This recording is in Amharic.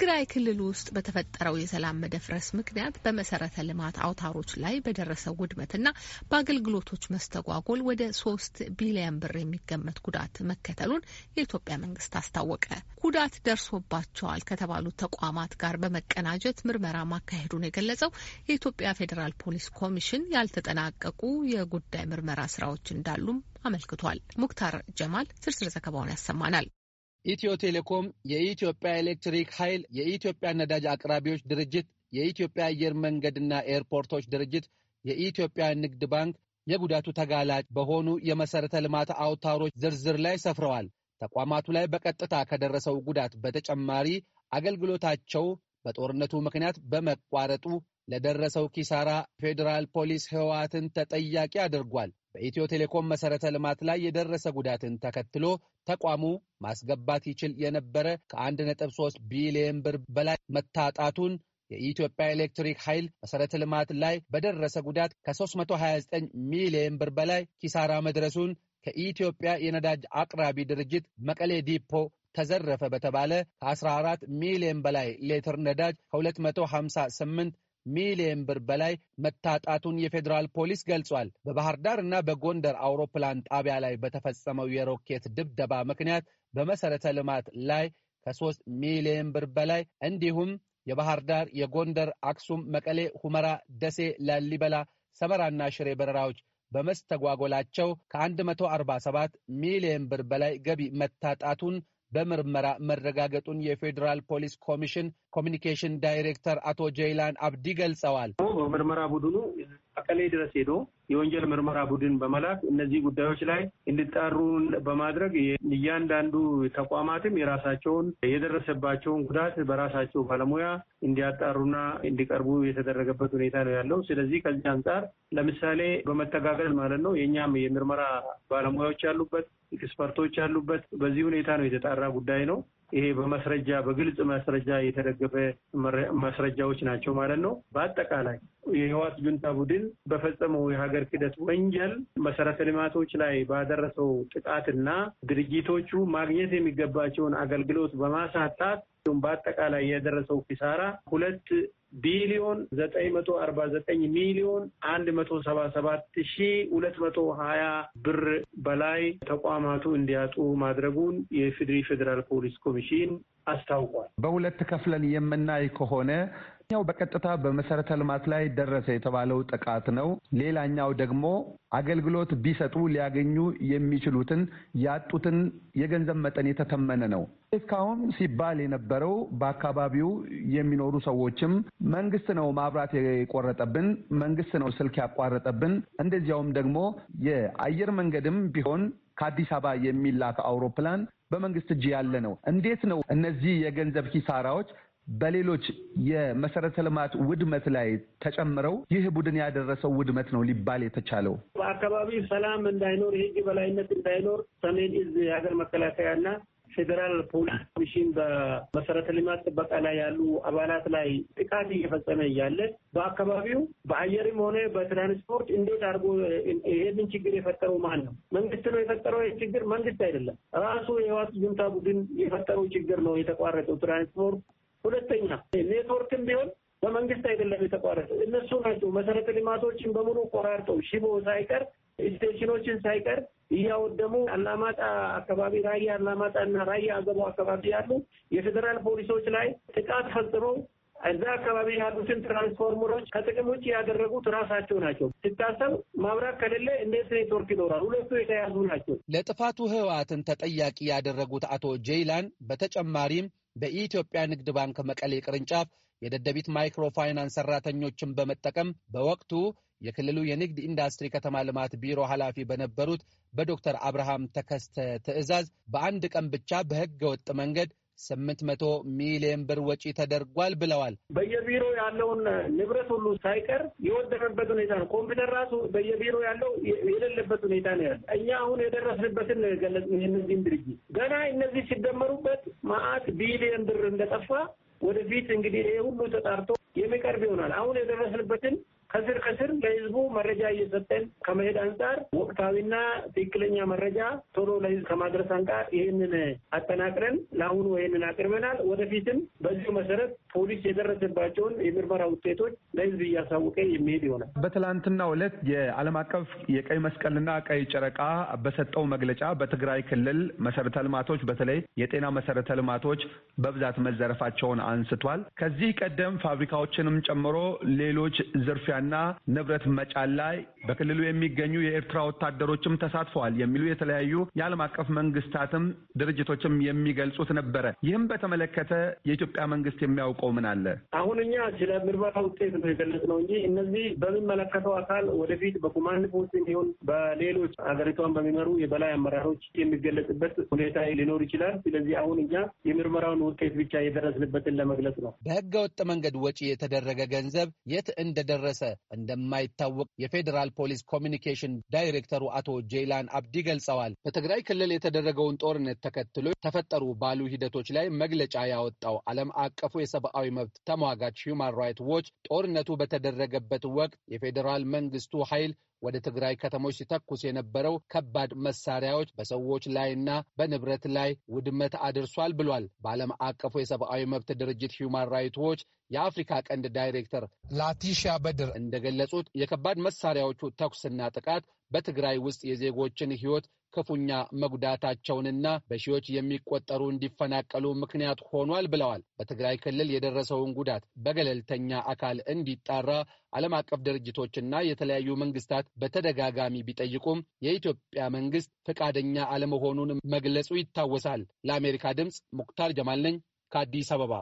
ትግራይ ክልል ውስጥ በተፈጠረው የሰላም መደፍረስ ምክንያት በመሰረተ ልማት አውታሮች ላይ በደረሰው ውድመትና በአገልግሎቶች መስተጓጎል ወደ ሶስት ቢሊዮን ብር የሚገመት ጉዳት መከተሉን የኢትዮጵያ መንግስት አስታወቀ። ጉዳት ደርሶባቸዋል ከተባሉ ተቋማት ጋር በመቀናጀት ምርመራ ማካሄዱን የገለጸው የኢትዮጵያ ፌዴራል ፖሊስ ኮሚሽን ያልተጠናቀቁ የጉዳይ ምርመራ ስራዎች እንዳሉም አመልክቷል። ሙክታር ጀማል ዝርዝር ዘገባውን ያሰማናል። ኢትዮ ቴሌኮም፣ የኢትዮጵያ ኤሌክትሪክ ኃይል፣ የኢትዮጵያ ነዳጅ አቅራቢዎች ድርጅት፣ የኢትዮጵያ አየር መንገድና ኤርፖርቶች ድርጅት፣ የኢትዮጵያ ንግድ ባንክ የጉዳቱ ተጋላጭ በሆኑ የመሠረተ ልማት አውታሮች ዝርዝር ላይ ሰፍረዋል። ተቋማቱ ላይ በቀጥታ ከደረሰው ጉዳት በተጨማሪ አገልግሎታቸው በጦርነቱ ምክንያት በመቋረጡ ለደረሰው ኪሳራ ፌዴራል ፖሊስ ሕወሓትን ተጠያቂ አድርጓል። በኢትዮ ቴሌኮም መሠረተ ልማት ላይ የደረሰ ጉዳትን ተከትሎ ተቋሙ ማስገባት ይችል የነበረ ከ1.3 ቢሊየን ብር በላይ መታጣቱን የኢትዮጵያ ኤሌክትሪክ ኃይል መሠረተ ልማት ላይ በደረሰ ጉዳት ከ329 ሚሊየን ብር በላይ ኪሳራ መድረሱን ከኢትዮጵያ የነዳጅ አቅራቢ ድርጅት መቀሌ ዲፖ ተዘረፈ በተባለ ከ14 ሚሊየን በላይ ሌትር ነዳጅ ከ258 ሚሊየን ብር በላይ መታጣቱን የፌዴራል ፖሊስ ገልጿል። በባህር ዳር እና በጎንደር አውሮፕላን ጣቢያ ላይ በተፈጸመው የሮኬት ድብደባ ምክንያት በመሰረተ ልማት ላይ ከሶስት ሚሊየን ብር በላይ እንዲሁም የባህር ዳር፣ የጎንደር፣ አክሱም፣ መቀሌ፣ ሁመራ፣ ደሴ፣ ላሊበላ፣ ሰመራና ሽሬ በረራዎች በመስተጓጎላቸው ከ147 ሚሊየን ብር በላይ ገቢ መታጣቱን በምርመራ መረጋገጡን የፌዴራል ፖሊስ ኮሚሽን ኮሚኒኬሽን ዳይሬክተር አቶ ጀይላን አብዲ ገልጸዋል። በምርመራ ቡድኑ መቀሌ ድረስ ሄዶ የወንጀል ምርመራ ቡድን በመላክ እነዚህ ጉዳዮች ላይ እንዲጣሩ በማድረግ እያንዳንዱ ተቋማትም የራሳቸውን የደረሰባቸውን ጉዳት በራሳቸው ባለሙያ እንዲያጣሩና እንዲቀርቡ የተደረገበት ሁኔታ ነው ያለው። ስለዚህ ከዚህ አንጻር ለምሳሌ በመተጋገዝ ማለት ነው የእኛም የምርመራ ባለሙያዎች ያሉበት ኤክስፐርቶች ያሉበት በዚህ ሁኔታ ነው የተጣራ ጉዳይ ነው። ይሄ በማስረጃ በግልጽ ማስረጃ የተደገፈ ማስረጃዎች ናቸው ማለት ነው። በአጠቃላይ የህዋት ጁንታ ቡድን በፈጸመው የሀገር ክደት ወንጀል መሰረተ ልማቶች ላይ ባደረሰው ጥቃትና ድርጅቶቹ ማግኘት የሚገባቸውን አገልግሎት በማሳጣት በአጠቃላይ የደረሰው ኪሳራ ሁለት ቢሊዮን 949 ሚሊዮን ሰባት ሺ ሀያ ብር በላይ ተቋማቱ እንዲያጡ ማድረጉን የፌዴሪ ፌዴራል ፖሊስ ኮሚሽን አስታውቋል። በሁለት ከፍለን የምናይ ከሆነ አንደኛው በቀጥታ በመሰረተ ልማት ላይ ደረሰ የተባለው ጥቃት ነው። ሌላኛው ደግሞ አገልግሎት ቢሰጡ ሊያገኙ የሚችሉትን ያጡትን የገንዘብ መጠን የተተመነ ነው። እስካሁን ሲባል የነበረው በአካባቢው የሚኖሩ ሰዎችም መንግስት ነው ማብራት የቆረጠብን፣ መንግስት ነው ስልክ ያቋረጠብን፣ እንደዚያውም ደግሞ የአየር መንገድም ቢሆን ከአዲስ አበባ የሚላክ አውሮፕላን በመንግስት እጅ ያለ ነው። እንዴት ነው እነዚህ የገንዘብ ኪሳራዎች በሌሎች የመሰረተ ልማት ውድመት ላይ ተጨምረው ይህ ቡድን ያደረሰው ውድመት ነው ሊባል የተቻለው በአካባቢ ሰላም እንዳይኖር፣ የህግ በላይነት እንዳይኖር ሰሜን እዝ የሀገር መከላከያና ፌዴራል ፖሊስ ኮሚሽን በመሰረተ ልማት ጥበቃ ላይ ያሉ አባላት ላይ ጥቃት እየፈጸመ እያለ በአካባቢው በአየርም ሆነ በትራንስፖርት እንዴት አድርጎ ይሄንን ችግር የፈጠረው ማን ነው? መንግስት ነው የፈጠረው? ይህ ችግር መንግስት አይደለም፣ ራሱ የህዋት ጁንታ ቡድን የፈጠረው ችግር ነው። የተቋረጠው ትራንስፖርት ሁለተኛ ኔትወርክም ቢሆን በመንግስት አይደለም የተቋረጠ እነሱ ናቸው መሰረተ ልማቶችን በሙሉ ቆራርጠው ሽቦ ሳይቀር ስቴሽኖችን ሳይቀር እያወደሙ አላማጣ አካባቢ ራያ አላማጣ እና ራያ አገቡ አካባቢ ያሉ የፌዴራል ፖሊሶች ላይ ጥቃት ፈጽሞ እዛ አካባቢ ያሉትን ትራንስፎርመሮች ከጥቅም ውጭ ያደረጉት ራሳቸው ናቸው። ሲታሰብ ማብራት ከሌለ እንዴት ኔትወርክ ይኖራል? ሁለቱ የተያዙ ናቸው። ለጥፋቱ ህወሓትን ተጠያቂ ያደረጉት አቶ ጄይላን በተጨማሪም በኢትዮጵያ ንግድ ባንክ መቀሌ ቅርንጫፍ የደደቢት ማይክሮ ፋይናንስ ሰራተኞችን በመጠቀም በወቅቱ የክልሉ የንግድ ኢንዱስትሪ ከተማ ልማት ቢሮ ኃላፊ በነበሩት በዶክተር አብርሃም ተከስተ ትዕዛዝ በአንድ ቀን ብቻ በሕገ ወጥ መንገድ ስምንት መቶ ሚሊዮን ብር ወጪ ተደርጓል ብለዋል። በየቢሮ ያለውን ንብረት ሁሉ ሳይቀር የወደመበት ሁኔታ ነው። ኮምፒውተር ራሱ በየቢሮ ያለው የሌለበት ሁኔታ ነው ያለ። እኛ አሁን የደረስንበትን ገለጽ። ይህንን ድርጅት ገና እነዚህ ሲደመሩበት ማአት ቢሊዮን ብር እንደጠፋ ወደፊት እንግዲህ ይሄ ሁሉ ተጣርቶ የሚቀርብ ይሆናል። አሁን የደረስንበትን ከስር ከስር ለህዝቡ መረጃ እየሰጠን ከመሄድ አንጻር ወቅታዊና ትክክለኛ መረጃ ቶሎ ለህዝብ ከማድረስ አንጻር ይህንን አጠናቅረን ለአሁኑ ይህንን አቅርበናል። ወደፊትም በዚሁ መሰረት ፖሊስ የደረሰባቸውን የምርመራ ውጤቶች ለህዝብ እያሳወቀ የሚሄድ ይሆናል። በትላንትናው ዕለት የዓለም አቀፍ የቀይ መስቀልና ቀይ ጨረቃ በሰጠው መግለጫ በትግራይ ክልል መሰረተ ልማቶች በተለይ የጤና መሰረተ ልማቶች በብዛት መዘረፋቸውን አንስቷል። ከዚህ ቀደም ፋብሪካዎችንም ጨምሮ ሌሎች ዝርፊያ መሳሪያና ንብረት መጫን ላይ በክልሉ የሚገኙ የኤርትራ ወታደሮችም ተሳትፈዋል የሚሉ የተለያዩ የዓለም አቀፍ መንግስታትም ድርጅቶችም የሚገልጹት ነበረ። ይህም በተመለከተ የኢትዮጵያ መንግስት የሚያውቀው ምን አለ? አሁን እኛ ስለ ምርመራ ውጤት ነው የገለጽነው እንጂ እነዚህ በሚመለከተው አካል ወደፊት በኮማንድ ፖስት እንዲሆን በሌሎች ሀገሪቷን በሚመሩ የበላይ አመራሮች የሚገለጽበት ሁኔታ ሊኖር ይችላል። ስለዚህ አሁን እኛ የምርመራውን ውጤት ብቻ የደረስንበትን ለመግለጽ ነው። በህገ ወጥ መንገድ ወጪ የተደረገ ገንዘብ የት እንደደረሰ እንደማይታወቅ የፌዴራል ፖሊስ ኮሚኒኬሽን ዳይሬክተሩ አቶ ጄይላን አብዲ ገልጸዋል። በትግራይ ክልል የተደረገውን ጦርነት ተከትሎ ተፈጠሩ ባሉ ሂደቶች ላይ መግለጫ ያወጣው ዓለም አቀፉ የሰብአዊ መብት ተሟጋች ሂውማን ራይት ዎች ጦርነቱ በተደረገበት ወቅት የፌዴራል መንግስቱ ኃይል ወደ ትግራይ ከተሞች ሲተኩስ የነበረው ከባድ መሳሪያዎች በሰዎች ላይና በንብረት ላይ ውድመት አድርሷል ብሏል። በዓለም አቀፉ የሰብአዊ መብት ድርጅት ሂውማን ራይት ዎች የአፍሪካ ቀንድ ዳይሬክተር ላቲሻ በድር እንደገለጹት የከባድ መሳሪያዎቹ ተኩስና ጥቃት በትግራይ ውስጥ የዜጎችን ሕይወት ክፉኛ መጉዳታቸውንና በሺዎች የሚቆጠሩ እንዲፈናቀሉ ምክንያት ሆኗል ብለዋል። በትግራይ ክልል የደረሰውን ጉዳት በገለልተኛ አካል እንዲጣራ ዓለም አቀፍ ድርጅቶችና የተለያዩ መንግስታት በተደጋጋሚ ቢጠይቁም የኢትዮጵያ መንግስት ፈቃደኛ አለመሆኑን መግለጹ ይታወሳል። ለአሜሪካ ድምፅ ሙክታር ጀማል ነኝ ከአዲስ አበባ።